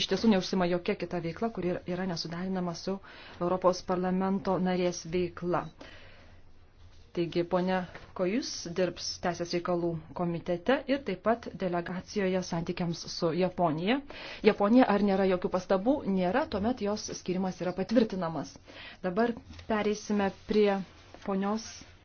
iš tiesų neužsima jokia kita veikla, kuri yra nesudarinama su Europos parlamento narės veikla. Taigi ponia Kojus dirbs Teisės reikalų komitete ir taip pat delegacijoje santykiams su Japonija. Japonija ar nėra jokių pastabų? Nėra, tuomet jos skirimas yra patvirtinamas. Dabar pereisime prie ponios